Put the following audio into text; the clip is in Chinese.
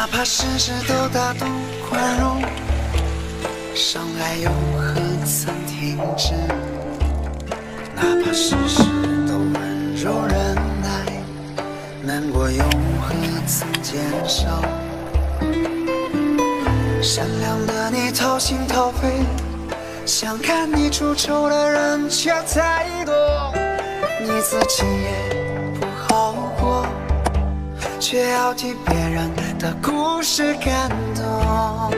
哪怕事事都大度宽容，伤害又何曾停止？哪怕事事都温柔忍耐，难过又何曾减少？善良的你掏心掏肺，想看你出丑的人却太多，你自己。也。却要替别人的故事感动。